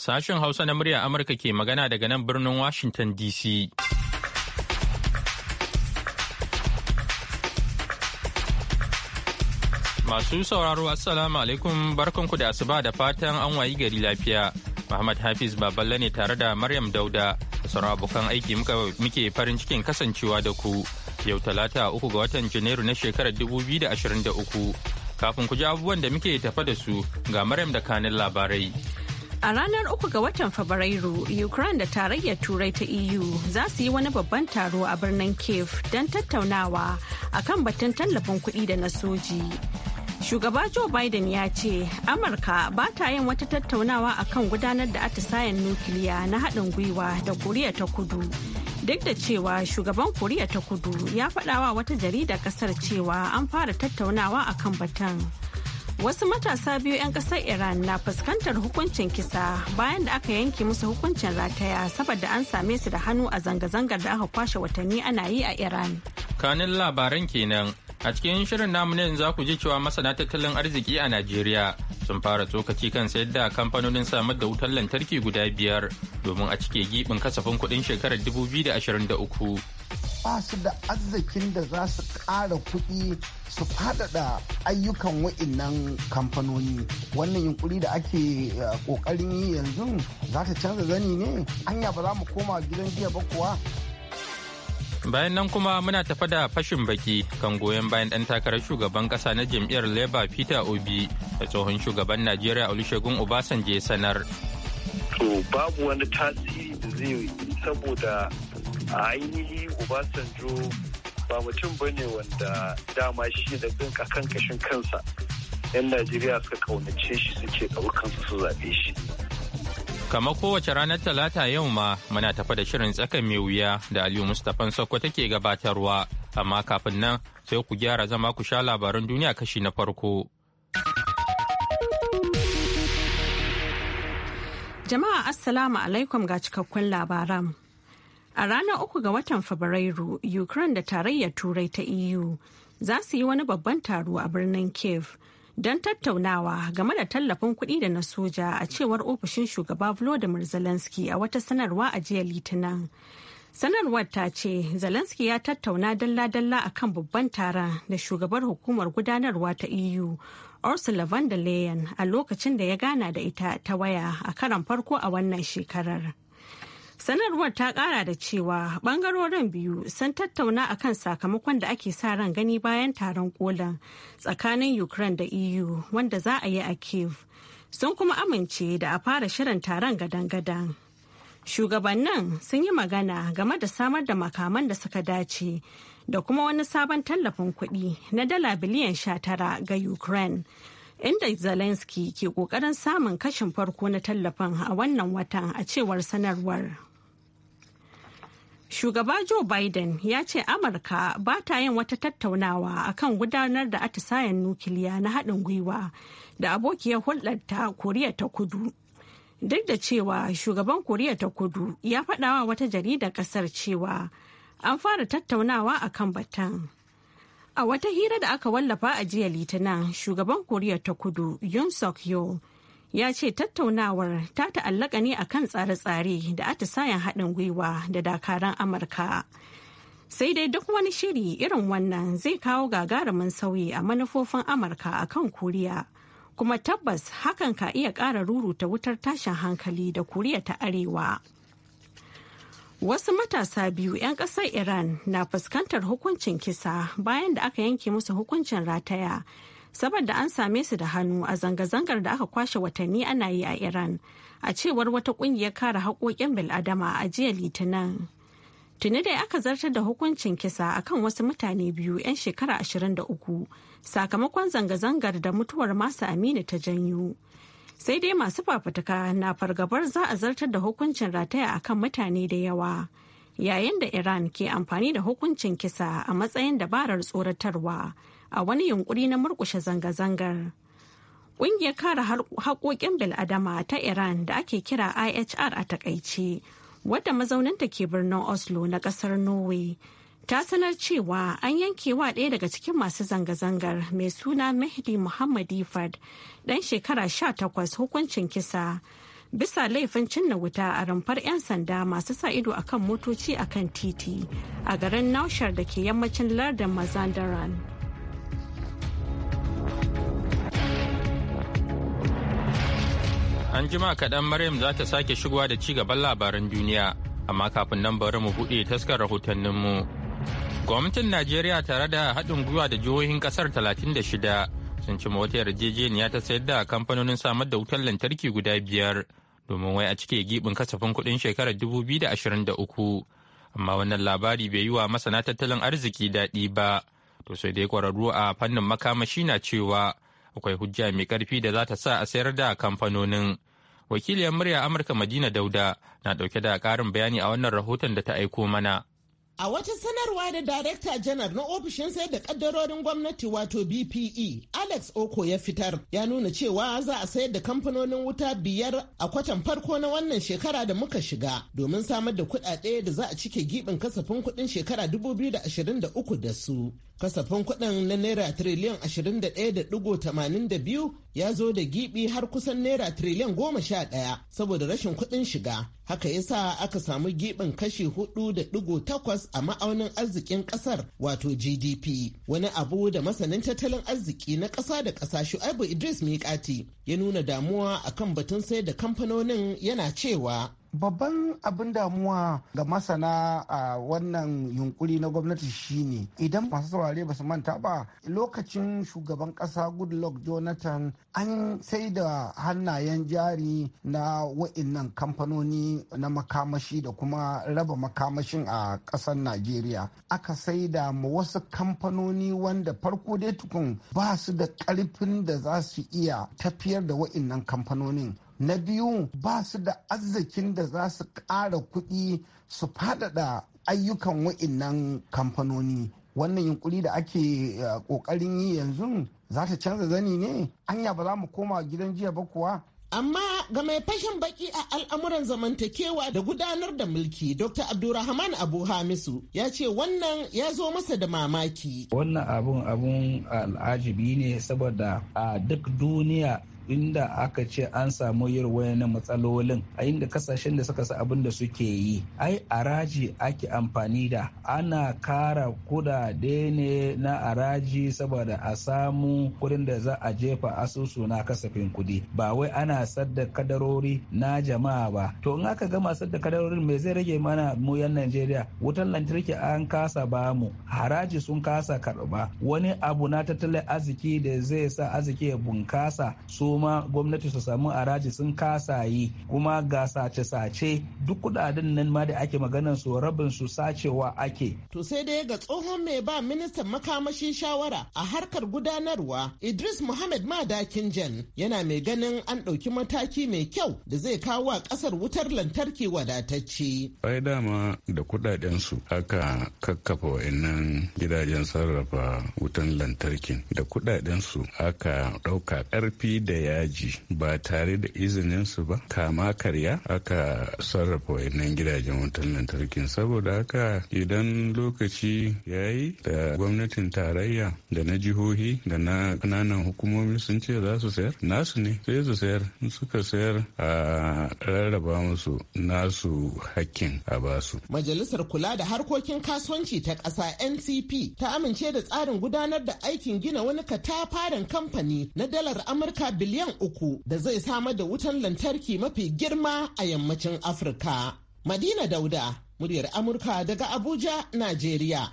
Sashen Hausa na murya Amurka ke magana daga nan birnin Washington DC. Masu sauraro Assalamu alaikum barkanku da asuba da fatan an wayi gari lafiya. Muhammad Hafiz Baballe ne tare da Maryam Dauda da sauran abokan aiki muke farin cikin kasancewa da ku. Yau talata uku ga watan Janairu na shekarar 2023. Kafin ku ji abubuwan da muke tafa da su ga Maryam da kanin labarai. A ranar uku ga watan Fabrairu, Ukraine da tarayyar Turai ta EU za su yi wani babban taro a birnin Kiev don tattaunawa a kan batun tallafin kuɗi da na soji. Shugaba Joe Biden ya ce, Amurka ba ta yin wata tattaunawa a kan gudanar da atisayen nukiliya na haɗin gwiwa da Koriya ta Kudu. Duk da cewa shugaban Koriya ta Kudu ya faɗawa wata jaridar ƙasar cewa an fara tattaunawa a kan batun. Wasu matasa biyu 'yan kasar Iran na fuskantar hukuncin kisa bayan da aka yanke musu hukuncin rataya saboda an same su da hannu a zanga-zangar da aka kwashe watanni ana yi a Iran. Kanin labaran kenan a cikin shirin namu ne za ku ji cewa masana tattalin arziki a Najeriya sun fara tsokaci kan sayar da kamfanonin samar da wutar lantarki guda biyar domin a cike gibin kasafin kuɗin shekarar 2023. ba su da arzikin da za su kara kuɗi su faɗaɗa ayyukan wa'innan kamfanoni wannan yunkuri da ake eh, ƙoƙarin yi yanzu za ta canza zani ne hanya ba za mu koma gidan jiya ba kuwa bayan nan kuma muna tafa da fashin baki kan goyon bayan ɗan takarar shugaban ƙasa na jam'iyyar labour peter obi da tsohon shugaban najeriya olusegun obasanjo sanar to babu wani tasiri da zai yi saboda a ainihi obasanjo ba mutum ba ne wanda dama shi da ɗin kakan kashin kansa yan najeriya suka kaunace shi suke ɗaukansa su zaɓe shi Kama kowace ranar talata yau ma muna tafa da shirin tsakan mai wuya da aliyu mustapha sokko take gabatarwa amma kafin nan sai ku gyara zama ku sha labaran duniya kashi na farko jama'a assalamu alaikum ga cikakkun labaran A ranar uku ga watan Fabrairu, Ukraine da tarayyar Turai ta EU za su yi wani babban taro a birnin Kiev don tattaunawa game da tallafin kuɗi da na soja a cewar ofishin shugaba Volodymyr Zelensky a wata sanarwa a jiya Litinin. Sanarwar ta ce Zelensky ya tattauna dalla-dalla a kan babban taron da shugabar hukumar gudanarwa ta EU Ursula von der Leyen a lokacin da ya gana da ita ta waya a karan farko a wannan shekarar. sanarwar ta kara da cewa bangarorin biyu sun tattauna a kan sakamakon da ake sa ran gani bayan taron kolan tsakanin ukraine da eu wanda za a yi a kiev sun kuma amince da a fara shirin taron gadan-gadan shugabannin sun yi magana game da samar da makaman da suka dace da kuma wani sabon tallafin kuɗi na dala biliyan 19 ga ukraine inda Zelensky ke kokarin samun kashin farko na tallafin a wannan watan a cewar sanarwar. Shugaba Joe Biden ya ce Amurka ba ta yin wata tattaunawa akan gudanar da atisayen nukiliya na haɗin gwiwa da abokiyar hulɗarta Koriya ta kudu. Duk da cewa shugaban Koriya ta kudu ya faɗawa wata jaridar ƙasar cewa an fara tattaunawa akan batan. A wata hira da aka wallafa a jiya Litinin, shugaban Koriya ta Kudu Yun Suk Yeol ya ce tattaunawar ta ta'allaka ne a kan tsare-tsare da atisayen haɗin gwiwa da dakaran amurka sai dai duk wani shiri irin wannan zai kawo gagarumin sauyi a manufofin amurka a kan Kuriya kuma tabbas hakan ka iya ƙara ruruta wutar tashin hankali da Kuriya ta arewa wasu matasa biyu 'yan ƙasar iran na fuskantar hukuncin kisa bayan da aka yanke musu hukuncin rataya saboda an same su da hannu a zanga-zangar da aka kwashe watanni ana yi a Iran a cewar wata kungiyar kare haƙoƙin bil'adama a jiya Litinin. Tuni dai aka zartar da hukuncin kisa akan wasu mutane biyu 'yan shekara ashirin da uku, sakamakon zanga-zangar da mutuwar masu Aminu ta janyo. Sai dai masu fafutuka na fargabar za a zartar da hukuncin rataya akan mutane da yawa. Yayin da Iran ke amfani da hukuncin kisa a matsayin dabarar tsoratarwa. a wani yunkuri na murkushe zanga-zangar. Ƙungiyar kare haƙoƙin bil'adama ta Iran da ake kira IHR a takaice, wadda mazauninta ke birnin Oslo na ƙasar Norway, ta sanar cewa an yanke wa ɗaya daga cikin masu zanga-zangar mai suna Mehdi Muhammad Ifad ɗan shekara sha takwas hukuncin kisa. bisa laifin cinna wuta a rumfar 'yan sanda masu sa ido akan motoci akan titi a garin naushar da ke yammacin lardin mazandaran. An jima kaɗan Maryam za ta sake shigowa da ci gaban labaran duniya, amma kafin nan bari mu buɗe taskar rahotanninmu. Gwamnatin Najeriya tare da haɗin gwiwa da jihohin ƙasar 36 sun cima wata yarjejeniya ta sayar da kamfanonin samar da wutar lantarki guda biyar domin wai a cike gibin kasafin kuɗin shekarar dubu da da ashirin uku Amma wannan labari bai yi wa masana tattalin arziki daɗi ba, to sai dai ƙwararru a fannin makamashi na cewa akwai hujja mai karfi da za ta sa a sayar da kamfanonin wakiliyar murya amurka madina dauda na dauke da karin bayani a wannan rahoton da ta aiko mana A wata sanarwa da 'Director General' na ofishin sayar da kaddarorin gwamnati wato BPE, Alex Oko ya fitar, ya nuna cewa za a sayar da kamfanonin wuta biyar a kwatan farko na wannan shekara da muka shiga domin samar da kuɗaɗe da za a cike gibin kasafin kuɗin shekara 2023 da su. Kasafin kuɗin na Naira tiriliyan 21.82 ya zo da gibi har kusan Naira tiriliyan 11 saboda rashin kuɗin shiga. Haka yasa aka samu gibin kashi 4.8 a ma'aunin arzikin kasar wato GDP wani abu da masanin tattalin arziki na ƙasa da ƙasa Shu'aibu Idris Mikati ya nuna damuwa akan batun sayar da kamfanonin yana cewa babban abin damuwa ga masana a wannan yunkuri na gwamnati shine idan masu saurare ba su manta ba lokacin shugaban kasa goodluck jonathan an sai da hannayen jari na wa'innan kamfanoni na makamashi da kuma raba makamashin a ƙasar najeriya aka sai da wasu kamfanoni wanda farko dai tukun ba su da ƙarfin da za su iya tafiyar da wa'innan kamfanonin na biyu ba su da arzikin da za su ƙara kuɗi su faɗaɗa ayyukan wa'innan kamfanoni wannan yunkuri da ake eh, ƙoƙarin yi yanzu za ta canza zani ne anya ba za mu koma gidan jiya ba kuwa amma ga mai fashin baki a al'amuran zamantakewa da gudanar da mulki dr abdurrahman abu hamisu ya ce wannan ya zo masa da mamaki wannan abun abun al'ajibi ne saboda a ah, duk duniya inda aka ce an samu yin na matsalolin a inda kasashen da suka sa abin da suke yi ai araji ake amfani da ana kara kudade ne na araji saboda a samu kudin da za a jefa asusu na kasafin kudi ba wai ana sadda kadarori na jama'a ba to in aka gama sadda kadarorin me zai rage mana mu yan Najeriya wutan lantarki an kasa ba mu haraji sun kasa karba wani abu na tattalin arziki da zai sa arziki ya bunkasa su kuma gwamnati su samu araji sun kasa yi kuma ga sace-sace duk kudaden nan ma da ake maganar su rabin su sacewa ake. To sai dai ga tsohon mai ba ministan makamashin shawara a harkar gudanarwa Idris Muhammad Madakin Jan yana mai ganin an ɗauki mataki mai kyau da zai kawo wa ƙasar wutar lantarki wadatacce. Ai dama da kudaden su aka kakkafa wa'annan gidajen sarrafa wutan lantarkin da kudaden su aka ɗauka ƙarfi da yaji ba tare da izinin su ba kama karya aka sarrafa wayannan gidajen wutar lantarki saboda haka idan lokaci ya yi da gwamnatin tarayya da na jihohi da na kananan hukumomi sun ce za su sayar nasu ne sai su sayar suka sayar a rarraba musu nasu hakkin a basu majalisar kula da harkokin kasuwanci ta ƙasa ncp ta amince da tsarin gudanar da aikin gina wani katafaren kamfani na dalar amurka biliyan biliyan uku da zai samar da wutan lantarki mafi girma a yammacin Afirka. Madina Dauda, muryar Amurka daga Abuja, Najeriya.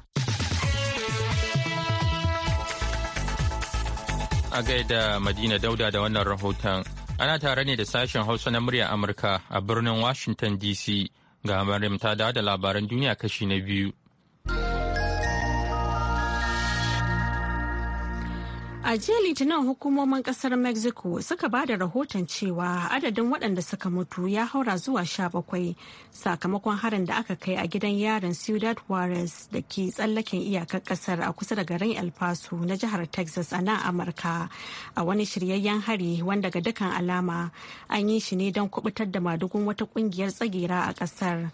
A gaida Madina Dauda da wannan rahoton. Ana tare ne da sashen Hausa na muryar Amurka a birnin Washington DC ga Maryam ta da labaran duniya kashi na biyu. A jiya Litinin hukumomin kasar Mexico suka ba da rahoton cewa adadin waɗanda suka mutu ya haura zuwa sha bakwai sakamakon harin da aka kai a gidan yarin Ciudad Juarez da ke tsallaken iyakar ƙasar a kusa da garin El Paso na jihar Texas a nan Amurka a wani shiryayyen hari wanda ga dukkan alama an yi shi ne don kubutar da madugun wata ƙungiyar tsagera a ƙasar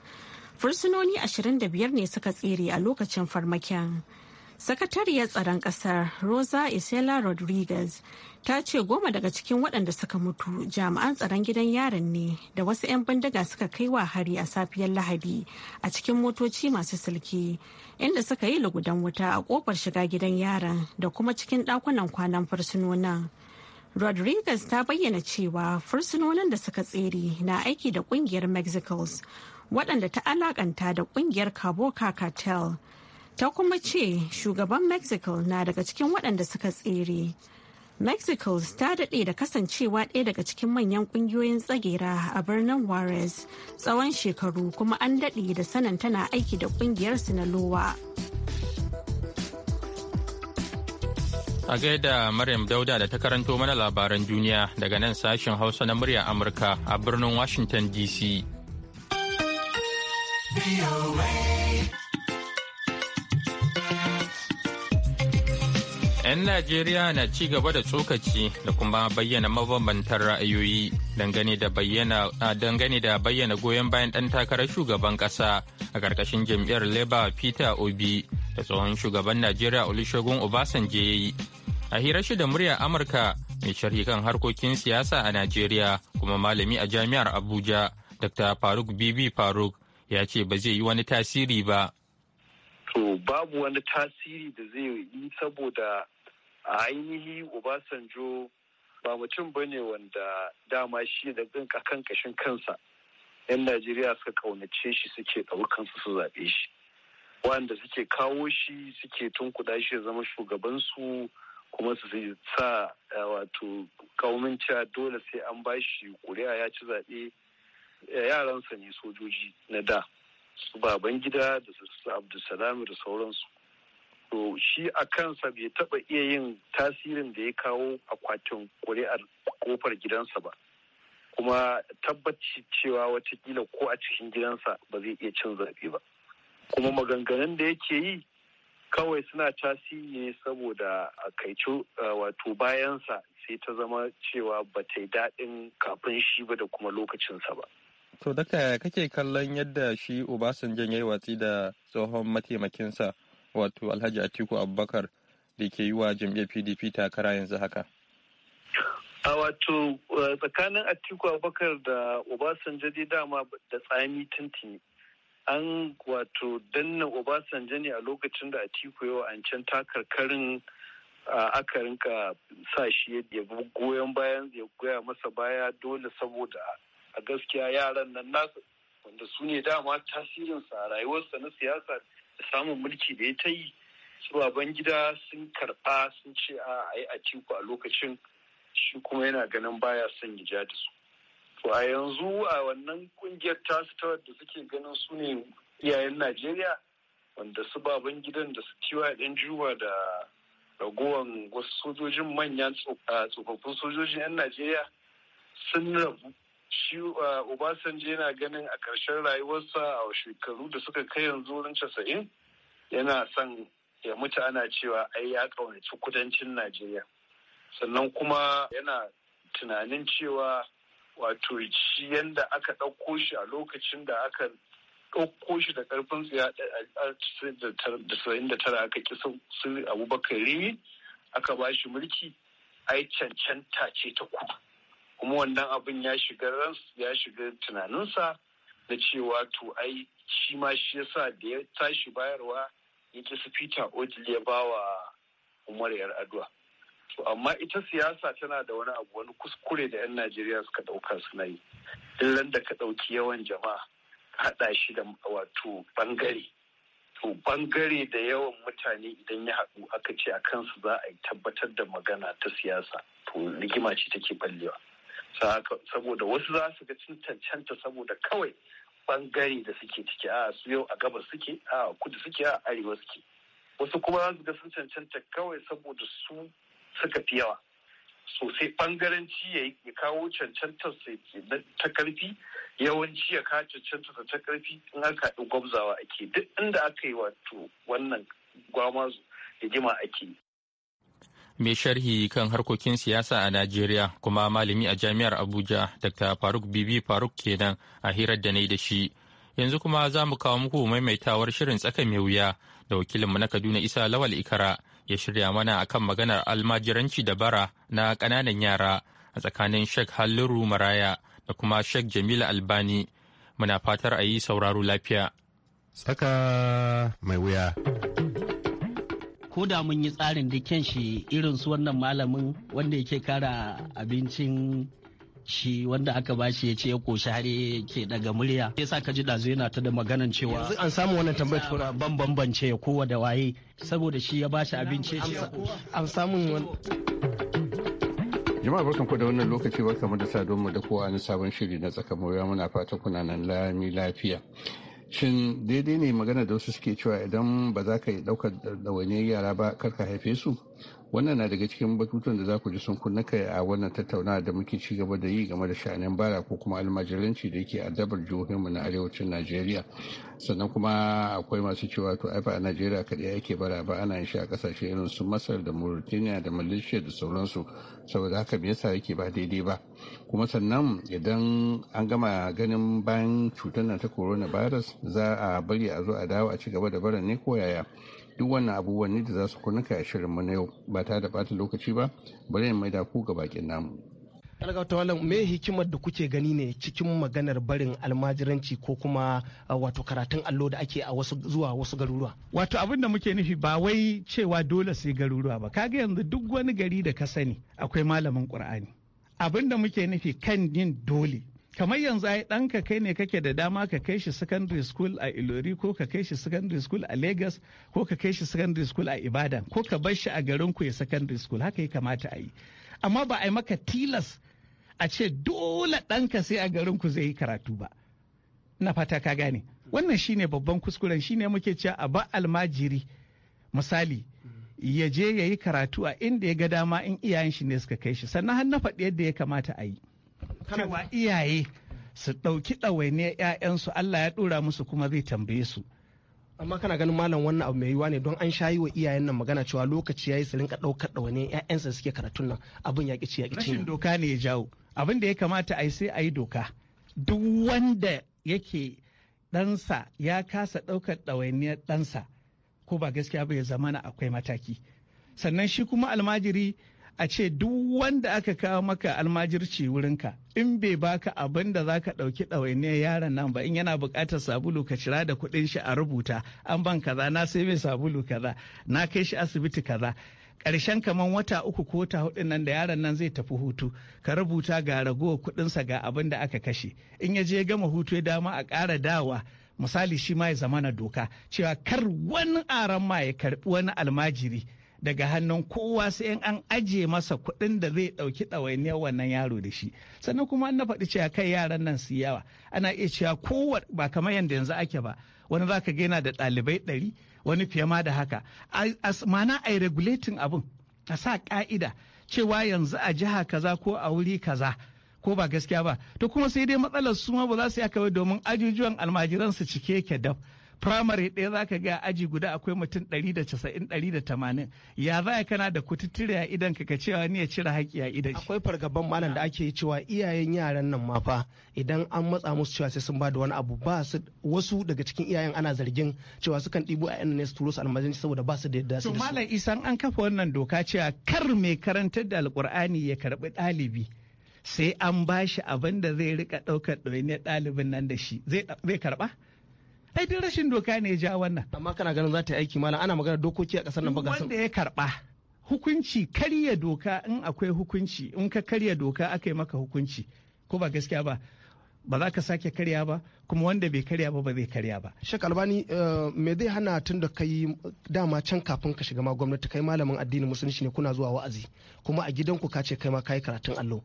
Fursunoni 25 ne suka tsere a lokacin farmakin. Sakatariyar tsaron kasar Rosa Isela Rodriguez ta ce goma daga cikin waɗanda suka mutu jami'an tsaron gidan yaron ne da wasu 'yan bindiga suka kai wa hari a safiyar Lahadi a cikin motoci masu silki inda suka yi lugudan wuta a ƙofar shiga gidan yaron da kuma cikin ɗakunan kwanan fursunonin. Rodriguez ta bayyana cewa fursunonin da suka tsere na aiki da ƙungiyar Mexicals waɗanda ta alaƙanta da ƙungiyar Cabo Cartel. ta kuma ce shugaban mexico na daga cikin waɗanda suka tsere mexico ta daɗe da kasancewa ɗaya daga cikin manyan ƙungiyoyin tsagera a birnin juarez tsawon shekaru kuma an daɗe da sanin tana aiki da ƙungiyar sinaloa a gaida maryam dauda da ta karanto mana labaran duniya daga nan sashen hausa na murya amurka a birnin washington dc 'Yan Najeriya na ci gaba da tsokaci da kuma bayyana mabambantan ra'ayoyi dangane da bayyana goyon bayan ɗan takarar shugaban ƙasa a ƙarƙashin jam'iyyar Leba Peter Obi da tsohon shugaban Najeriya Olusegun Obasanje ya yi. A hirar shi da murya Amurka mai sharhi kan harkokin siyasa a Najeriya kuma malami a jami'ar Abuja Dr. Faruk Bibi Faruk ya ce ba zai yi wani tasiri ba to babu wani tasiri da zai yi saboda a ainihi obasanjo ba mutum ba ne wanda dama shi da ɗin kan kashin kansa 'yan najeriya suka kaunace shi suke ɗaukansa su zaɓe shi wanda suke kawo shi suke tunkuɗa shi zama shugabansu kuma su sa wato kaumin cewa dole sai an bashi kuri'a ya ci zaɓe yaransa ne sojoji na da su baban gida da su abdulsalam da sauransu to shi a kansa bai taba iya yin tasirin da ya kawo akwatin kuri'ar kofar gidansa ba kuma tabbaci cewa watakila ko a cikin gidansa ba zai iya cin zaɓe ba kuma maganganun da yake yi kawai suna tasiri ne saboda a kaicu wato bayansa sai ta zama cewa ba ta yi daɗin kafin shi ba da kuma lokacinsa ba. To daga kake kallon yadda shi Obasanjo ya yi watsi da tsohon mataimakinsa wato Alhaji Atiku Abubakar da ke yi wa jam'iyyar PDP takara yanzu haka. A wato eh, tsakanin Atiku Abubakar da Obasanjo dai dama da tsami tuntuni. An wato danna Obasanjo ne a lokacin da Atiku ya an can takarkarin aka rinka sa shi ya goyon bayan ya goya masa baya dole saboda a gaskiya yaran nan nasu wanda su ne dama tasirinsa a rayuwarsa na siyasa da samun mulki da ya ta yi su gida sun karɓa sun ce a yi a tiku a lokacin shi kuma yana ganin baya son ya ja da su to a yanzu a wannan kungiyar su ta wadda suke ganin su ne iyayen najeriya wanda su baban gidan da su kiwa ɗan juma da ragowan wasu sojojin manyan tsofaffin sojojin 'yan najeriya sun rabu shi uh, Obasanjo yana ganin a ƙarshen rayuwarsa a shekaru da suka kai yanzu wurin casa'in yana son ya mutu ana cewa ai ya ƙaunaci kudancin Najeriya. Sannan kuma yana tunanin cewa wato shi yanda aka ɗauko shi a lokacin da aka ɗauko shi da ƙarfin tsaya da tsayin da tara aka ƙi sun abubakar rimi aka ba shi mulki ai cancanta ce ta kudu. kuma wannan abin ya shiga ya shiga tunaninsa da cewa to ai shi ma shi yasa da ya tashi bayarwa ya ki su Peter Odil ya ba wa Umar Adwa To amma ita siyasa tana da wani abu wani kuskure da 'yan Najeriya suka ɗauka suna yi. illan da ka ɗauki yawan jama'a haɗa shi da wato bangare. To bangare da yawan mutane idan ya haɗu aka ce a kansu za a tabbatar da magana ta siyasa. To rigima ce take ballewa. saboda wasu za su ga cin cancanta saboda kawai bangare da suke ciki a su yau a gabas suke a kudu suke a arewa suke wasu kuma za su ga sun cancanta kawai saboda su suka fi yawa sosai bangaranci ya kawo cancantar ta karfi yawanci ya kawo cancantar ta karfi in aka haɗu gwabzawa ake duk inda aka yi wato wannan gwamazu rigima ake yi. mai sharhi kan harkokin siyasa a Najeriya kuma malami a jami'ar Abuja Dr. Faruk Bibi Faruk kenan a hirar da na da shi. Yanzu kuma za mu kawo muku maimaitawar shirin tsaka mai wuya da wakilinmu na Kaduna Isa Lawal Ikara ya shirya mana akan maganar almajiranci da bara na ƙananan yara a tsakanin Sheikh Halliru Maraya da kuma Sheikh Jamila Albani. Muna fatar a yi sauraro lafiya. Tsaka mai wuya. ko da mun yi tsarin da kyan shi irin su wannan malamin wanda yake kara abincin shi wanda aka ba shi ya ce ya koshi har ke daga murya ya sa ka ji dazu yana ta da maganan cewa yanzu an samu wannan tambayar tura ban bambance ya kowa da waye saboda shi ya ba shi abinci an samu wani jama'a barkan ku da wannan lokaci barkamu da saduwa mu da kowa na sabon shiri na tsaka muna fata kuna nan lami lafiya shin daidai ne magana da wasu suke cewa idan ba za ka yi ɗaukar ɗawainiyar yara ba kar ka haife su wannan na daga cikin batutun da za ku ji sun kunna kai a wannan tattaunawa da muke ci gaba da yi game da sha'anin bara ko kuma almajiranci da yake addabar jihohinmu na arewacin najeriya sannan kuma akwai masu cewa to aifa a najeriya kaɗai ake bara ba ana yin shi a ƙasashe irin su masar da mauritania da malaysia da sauransu saboda haka me yasa yake ba daidai ba kuma sannan idan an gama ganin bayan cutar nan ta coronavirus za a bari a zo a dawo a ci gaba da bara ne ko yaya duk wannan abubuwan ne da za su kunuka a shirinmu na yau ba ta da bata lokaci ba bari in da ku ga bakin namu algauta wallan me hikimar da kuke gani ne cikin maganar barin almajiranci ko kuma uh, wato karatun allo da ake a wasu zuwa wasu garuruwa wato abin da muke nufi ba wai cewa dole sai garuruwa ba kaga yanzu duk wani gari da ka sani akwai malamin qur'ani abin da muke nufi kan yin dole kamar yanzu ai ɗanka kai ne kake da dama ka kai shi secondary school a ilori ko ka kai shi secondary school a lagos ko ka kai shi secondary school a ibadan ko ka bar shi a garin ku ya secondary school haka ya kamata a yi amma ba a yi maka tilas a ce dole ɗanka sai a garin ku zai yi karatu ba na fata ka gane wannan shine babban kuskuren shine muke cewa a ba almajiri misali yaje yayi karatu a inda ya ga dama in iyayen shi ne suka kai shi sannan har na faɗi yadda ya kamata a yi cewa iyaye su ɗauki ɗawainiyar 'ya'yansu Allah ya ɗora musu kuma zai tambaye su. amma kana ganin malam wannan abu mai yiwuwa ne don an yi wa iyayen nan magana cewa lokaci ya yi su rinka ɗaukar ɗawane ƴaƴansa suke karatun nan abin ya ƙici ya ƙici rashin doka ne ya jawo abin da ya kamata a yi sai a yi doka duk wanda yake ɗansa ya kasa ɗaukar ɗawainiyar ɗansa ko ba gaskiya ba ya zama na akwai mataki sannan shi kuma almajiri a ce duk wanda aka kawo maka almajirci wurinka in bai baka abin da za ka ɗauki ɗawainiyar yaron nan ba in yana buƙatar sabulu ka cira da kuɗin shi a rubuta an ban kaza na sai mai sabulu kaza na kai shi asibiti kaza ƙarshen kaman wata uku ko wata hudu nan da yaron nan zai tafi hutu ka rubuta ga ragowar kuɗinsa ga abin da aka kashe in ya je ya gama hutu ya dama a ƙara dawa misali shi ma ya na doka cewa kar wani aran ma ya karɓi wani almajiri daga hannun kowa sai in an ajiye masa kuɗin da zai ɗauki ɗawainiyar wannan yaro da shi sannan kuma an na faɗi cewa kai yaran nan su yawa ana iya cewa kowa ba kamar yadda yanzu ake ba wani zaka ga yana da ɗalibai ɗari wani fiye ma da haka mana a regulating abin a sa ka'ida cewa yanzu a jiha kaza ko a wuri kaza ko ba gaskiya ba to kuma sai dai matsalar su ma ba za su yi akawai domin ajujuwan almajiran su cike ke daf primary ɗaya za ka ga aji guda akwai mutum 190 180 ya za kana da kututture a idan ka cewa ni ya cire haƙi a idan akwai fargaban malam da ake cewa iyayen yaran nan ma fa idan an matsa musu cewa sai sun ba da wani abu ba su wasu daga cikin iyayen ana zargin cewa sukan ɗibo a ne su turo su almajiranci saboda ba su da yadda su to malam isan an kafa wannan doka cewa kar mai karantar da Alƙur'ani ya karɓi ɗalibi sai an bashi abin da zai rika ɗaukar ɗoyin ɗalibin nan da shi zai karɓa ai duk rashin doka ne ya ja wannan amma kana ganin za ta yi aiki mana ana magana dokoki a kasar nan ba wanda ya karba hukunci karya doka in akwai hukunci in ka karya doka aka yi maka hukunci ko ba gaskiya ba ba za ka sake karya ba kuma wanda bai karya ba ba zai karya ba. Shek Albani eh, me zai hana tun da kai dama can kafin ka shiga ma gwamnati kai malamin addinin musulunci ne kuna zuwa wa'azi kuma a gidanku ka ce kai ma kai karatun allo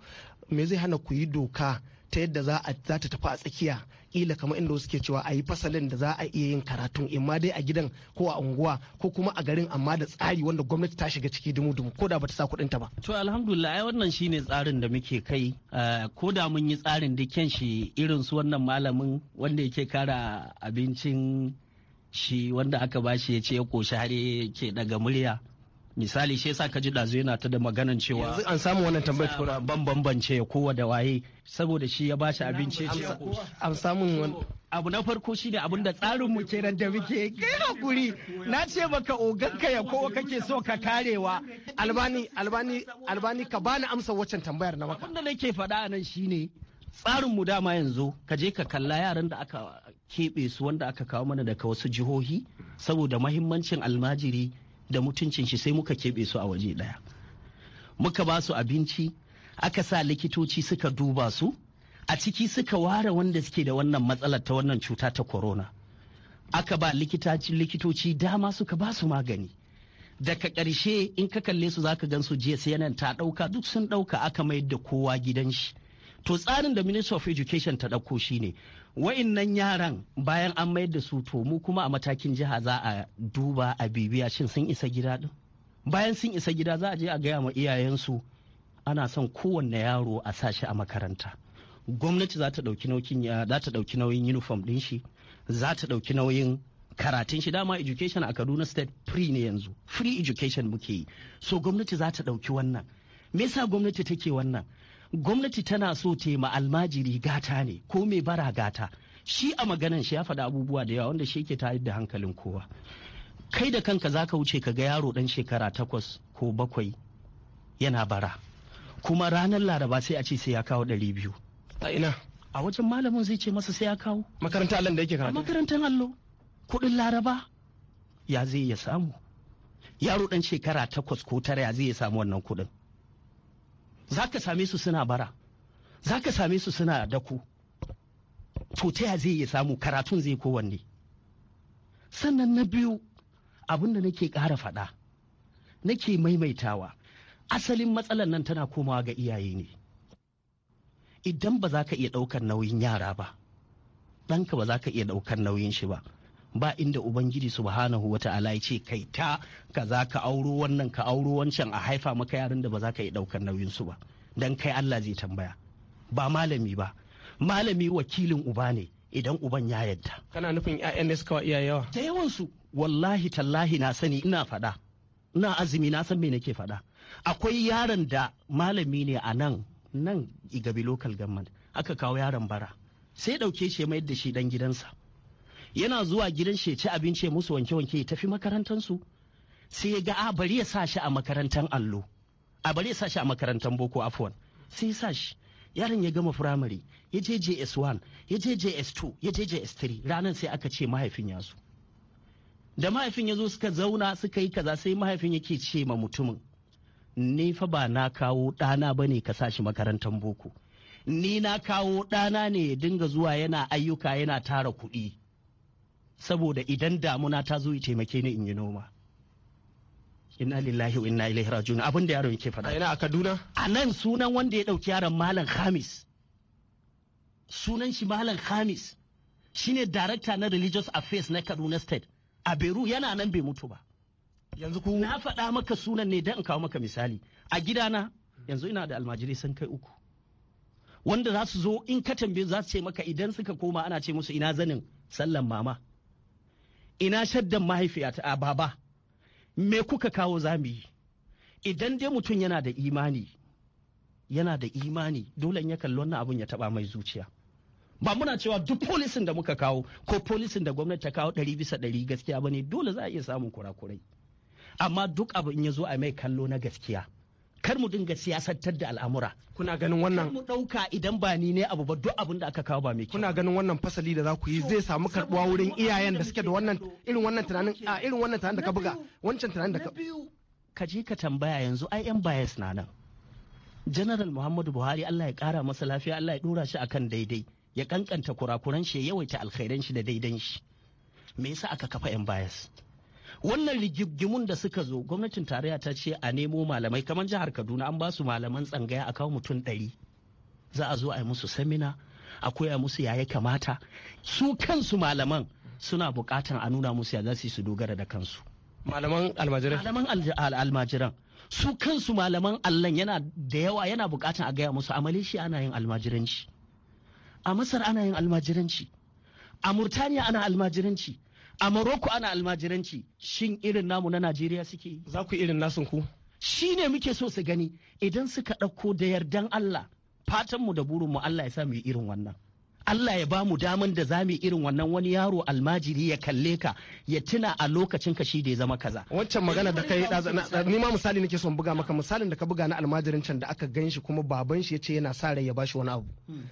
me zai hana ku yi doka ta yadda za ta tafi a tsakiya kila kamar inda wasu ke cewa a yi fasalin da za a iya yin karatun imma dai a gidan ko a unguwa ko kuma a garin amma da tsari wanda gwamnati ta shiga ciki dumu dumu ko da bata sa kuɗin ta ba to alhamdulillah ai wannan ne tsarin da muke kai eh, ko da mun yi tsarin da kyan shi irin su wannan malamin wanda yake kara abincin shi wanda aka bashi ya ce ya koshi har ke daga murya misali shi yasa ka ji dazu yana ta da maganan cewa yanzu an samu wannan tambayar tukuna ban bambance ya kowa da waye saboda shi ya bashi abinci ce an samu abu na farko shine abin da tsarin mu kenan da muke kai hakuri na ce maka oganka ya kowa kake so ka karewa albani albani albani ka bani amsa waccan tambayar na maka abinda nake faɗa nan shine tsarin mu dama yanzu ka je ka kalla yaran da aka keɓe su wanda aka kawo mana daga wasu jihohi saboda mahimmancin almajiri da mutuncin shi sai muka keɓe su a waje ɗaya muka ba su abinci aka sa likitoci suka duba su a ciki suka ware wanda suke da wannan matsalar ta wannan cuta ta corona aka ba likitoci dama suka ba su magani daga ƙarshe in ka kalle su zaka gan su jiya sai ta ɗauka duk sun ɗauka aka mayar da kowa gidan shi to tsarin da minister of education ta ɗauko shine wa'innan yaran bayan an mayar da su to mu kuma a matakin jiha za a duba a bibiya shin sun isa gida din bayan sun isa gida za a je a gaya ma iyayensu ana son kowanne yaro a sa a makaranta gwamnati eh, za ta ɗauki nauyin uniform ɗin shi za ta ɗauki nauyin karatun shi dama education a kaduna state free ne yanzu free education muke yi so gwamnati za ta ɗauki wannan me yasa gwamnati take wannan gwamnati tana so ta yi almajiri gata ne ko mai bara gata shi a maganan shi ya faɗi abubuwa da yawa wanda shi yake tayar da hankalin kowa kai da kanka za ka wuce ka ga yaro ɗan shekara takwas ko bakwai yana bara kuma ranar laraba sai a ce sai ya kawo ɗari biyu a ina a wajen malamin zai ce masa sai ya kawo makarantar allon da yake karatu makarantar allo kuɗin laraba ya zai ya samu yaro ɗan shekara takwas ko tara ya zai ya samu wannan kuɗin za ka same su suna bara za ka same su suna daku. to ta zai iya samu karatun zai kowanne sannan na biyu abin da nake ƙara faɗa nake maimaitawa asalin matsalar nan tana komawa ga iyaye ne idan ba za ka iya ɗaukar nauyin yara ba ɗanka ba za ka iya ɗaukar nauyin shi ba ba inda ubangiji subhanahu wa ta'ala ya ce kai ta kaza ka auro wannan ka auro wancan a haifa maka yaran da ba za ka yi daukar nauyin su ba dan kai Allah zai tambaya ba malami ba malami wakilin uba ne idan uban ya yadda kana nufin ƴaƴan ne suka iya yawa da yawan su wallahi tallahi na sani ina faɗa ina azumi na san me nake faɗa akwai yaron da malami ne a nan nan igabi local government aka kawo yaron bara sai ɗauke shi mai da shi dan gidansa yana zuwa gidan shi ci abinci ya musu wanke-wanke ya tafi makarantansu sai ya ga a ah, bari ya sa shi a makarantan allo a bari ya sa shi a makarantar boko afwan sai ya sa shi yaron ya gama firamare ya je js1 ya je js2 ya je js3 ranar sai aka ce mahaifin ya zo da mahaifin ya zo suka zauna suka yi kaza sai mahaifin yake ce ma mutumin ni fa ba na kawo ɗana ba ne ka sa shi makarantar boko ni na kawo ɗana ne ya dinga zuwa yana ayyuka yana tara kuɗi saboda idan damuna ta zo taimake ni in yi noma inna lillahi wa inna ilaihi rajiun abin da yaron yake faɗa ina a Kaduna a nan sunan wanda ya ɗauki yaron Malam Khamis sunan shi Malam Khamis shine director na religious affairs na Kaduna state a Beru yana nan bai mutu ba yanzu ku na faɗa maka sunan ne dan in kawo maka misali a gidana yanzu ina da almajirai sun kai uku wanda za su zo in ka tambaye za su ce maka idan suka koma ana ce musu ina zanin sallan mama ina shaddan mahaifiyata a baba me kuka kawo zamu yi idan dai mutum yana da imani yana da imani dole ya kalli wannan abun ya taba mai zuciya ba muna cewa duk polisin da muka kawo ko polisin da gwamnati ta kawo ɗari bisa ɗari gaskiya ba ne dole za a iya samun kurakurai amma duk abu in ya zo a mai kallo na gaskiya kar mu dinga siyasantar da al'amura kuna ganin wannan mu dauka idan ba ni ne abu ba duk abin da aka kawo ba mai kyau kuna ganin wannan fasali da za ku yi zai samu karbuwa wurin iyayen da suke da wannan irin wannan tunanin a irin wannan tunanin da ka buga wancan tunanin da ka ka je ka tambaya yanzu ai yan bias na nan general muhammadu buhari Allah ya kara masa lafiya Allah ya dora shi akan daidai ya kankanta kurakuran shi ya yawaita alkhairan shi da daidan shi me yasa aka kafa yan bias wannan rigigimun da suka zo gwamnatin tarayya ta ce a nemo malamai kamar jihar kaduna an basu su malaman tsangaya a kawo mutum ɗari za a zo a yi musu samina a koya musu ya kamata su kansu malaman suna buƙatar a nuna musu ya za su su dogara da kansu malaman almajiran malaman almajiran su kansu malaman allan yana da yawa yana buƙatar a gaya musu a shi ana yin almajiranci a masar ana yin almajiranci a murtaniya ana almajiranci a Morocco ana almajiranci shin irin namu na Najeriya suke za ku irin nasun ku shi ne muke so su gani idan suka ɗauko da yardan Allah fatanmu da burinmu Allah ya sa mu yi irin wannan Allah ya ba mu daman da za mu irin wannan wani yaro almajiri ya kalle ka ya tuna a lokacin ka shi da ya zama kaza. Wancan magana da kai ni ma misali nake son buga maka misalin da ka buga na almajirin can da aka ganshi kuma baban shi yace yana sa rai ya bashi wani abu. Hmm.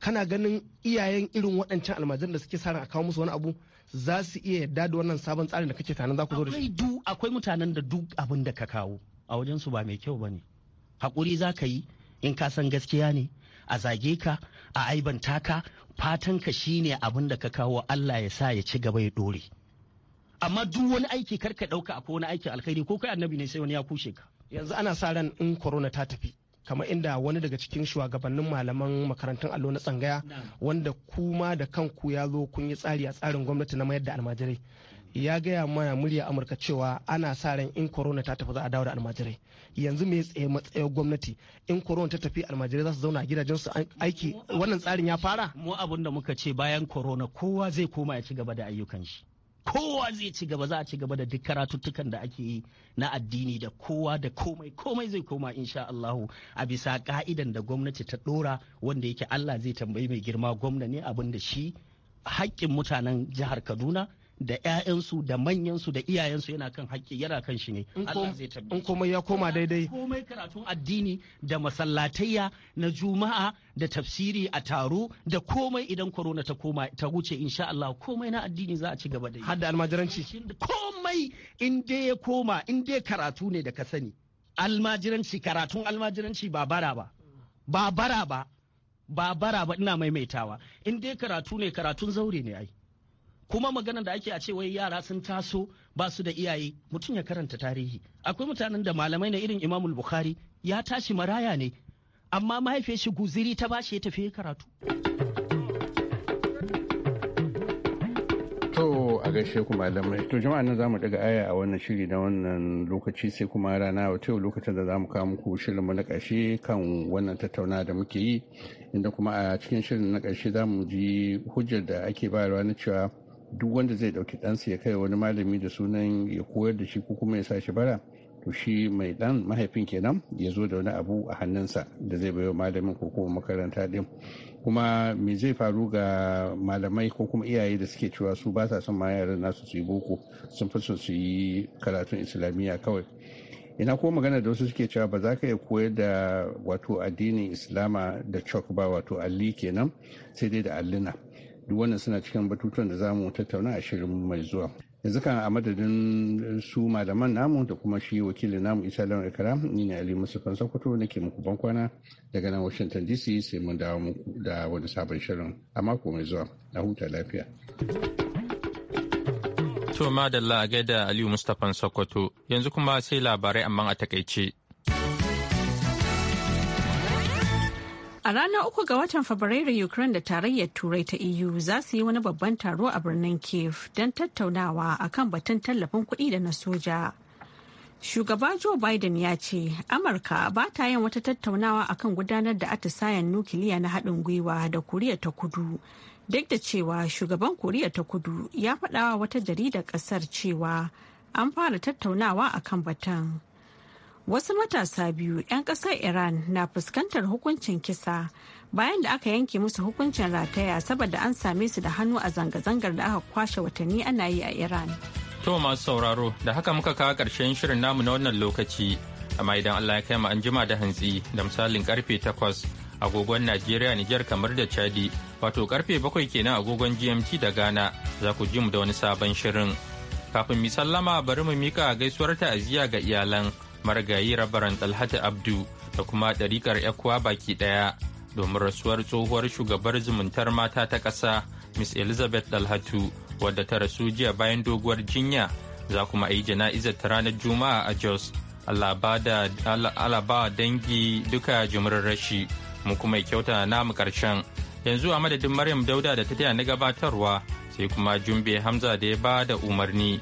Kana ganin iyayen irin waɗancan almajirin da suke sa ran a kawo musu wani abu za su iya yadda da wannan sabon tsarin da kake tunanin za ku zo da shi akwai mutanen da duk abin da ka kawo a wajen su ba mai kyau ba ne. hakuri za ka yi in ka san gaskiya ne a zage ka a aibanta ka fatan ka shine abin da ka kawo Allah ya sa ya ci gaba ya dore amma duk wani aiki karka dauka akwai wani aikin alkhairi ko kai annabi ne sai wani ya kushe ka yanzu ana sa ran in corona ta tafi kamar inda wani daga cikin shugabannin malaman makarantun allo na tsangaya wanda kuma da kanku ya zo kun yi tsari a tsarin gwamnati na mayar da almajirai ya gaya mana murya amurka cewa ana sa ran in corona ta tafi za a dawo da almajirai yanzu me tsaye matsayar gwamnati in corona ta tafi almajirai za su zauna a gidajen su aiki wannan tsarin ya fara mu abun da muka ce bayan corona kowa zai koma ya ci gaba da ayyukan shi kowa zai ci gaba za a ci gaba da duk karatuttukan da ake yi na addini da kowa da komai komai zai koma insha Allahu a bisa ka'idan da gwamnati ta dora wanda yake Allah zai tambayi mai girma gwamna ne abin da shi haƙƙin mutanen jihar Kaduna da 'ya'yansu da manyansu da iyayensu yana kan haƙƙi yana kan shi ne in komai ya koma daidai komai karatun addini da masallatayya na juma'a da tafsiri a taro da komai idan korona ta koma ta wuce insha Allah komai na addini za a ci gaba da hadda almajiranci komai in dai ya koma in dai karatu ne da ka sani almajiranci karatun almajiranci ba bara ba ba bara ba ba bara ba ina maimaitawa in dai karatu ne karatun zaure ne ai kuma maganar da ake a ce wai yara sun taso ba su da iyaye mutum ya karanta tarihi akwai mutanen da malamai na irin imamul bukhari ya tashi maraya ne amma mahaifiyar shi guziri ta bashi ya tafi karatu to a gaishe ku malamai to jama'a nan zamu daga aya a wannan shiri na wannan lokaci sai kuma rana wata yau lokacin da zamu kawo muku shirin mu na ƙarshe kan wannan tattauna da muke yi inda kuma a cikin shirin na ƙarshe zamu ji hujjar da ake bayarwa na cewa duk wanda zai ɗauki ɗansa ya kai wani malami da sunan ya koyar da shi ko kuma ya sa shi bara to shi mai dan mahaifin kenan ya zo da wani abu a hannunsa da zai bayo malamin ko kuma makaranta din kuma me zai faru ga malamai ko kuma iyaye da suke cewa su ba sa son ma yaran nasu su yi boko sun fi su yi karatun islamiyya kawai ina ko magana da wasu suke cewa ba za ka iya koyar da wato addinin islama da chok ba wato alli kenan sai dai da allina duk wannan suna cikin batutuwan da za mu tattauna a shirin mai zuwa yanzu kan a madadin su malaman namu da kuma shi wakilin namu isa lawan ikram ni ne ali musufan sokoto nake muku bankwana daga nan washington dc sai mun dawo muku da wani sabon shirin a mako mai zuwa na huta lafiya to madalla da aliyu mustapha sokoto yanzu kuma sai labarai amma a takaice A ranar uku ga watan Fabrairu Ukraine da tarayyar Turai ta EU za su yi wani babban taro a birnin Kiev don tattaunawa akan batun tallafin kuɗi da na soja. Shugaba Joe Biden ya ce Amurka ba ta yin wata tattaunawa akan gudanar da atisayen nukiliya na haɗin gwiwa da Koriya ta Kudu. Duk da cewa shugaban Koriya ta Kudu ya faɗawa wata jaridar ƙasar cewa an fara tattaunawa akan batun. Wasu matasa biyu 'yan ƙasar Iran na fuskantar hukuncin kisa bayan da aka yanke musu hukuncin rataya saboda an same su da hannu a zanga-zangar da aka kwashe watanni ana yi a Iran. To masu sauraro da haka muka kawo ƙarshen shirin namu na wannan lokaci. Amma idan Allah ya kai mu an jima da hantsi da misalin karfe takwas agogon Najeriya Nijar kamar da Chadi wato karfe bakwai kenan agogon GMT da Ghana za ku ji mu da wani sabon shirin. Kafin mi sallama bari mu mika gaisuwar ta'aziyya ga iyalan marigayi rabaran talhata abdu da kuma ɗarikar yakuwa baki ɗaya domin rasuwar tsohuwar shugabar zumuntar mata ta ƙasa miss elizabeth dalhatu wadda ta rasu jiya bayan doguwar jinya za kuma yi jana'izar ta ranar juma'a a jos alaba dangi duka jimirin rashi mu kuma kyauta namu ƙarshen yanzu a madadin maryam dauda da ta taya na gabatarwa sai kuma jumbe hamza da ya ba da umarni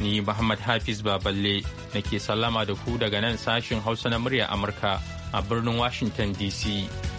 ni Muhammad Hafiz Baballe nake sallama da ku daga nan sashin Hausa na murya Amurka a birnin Washington DC.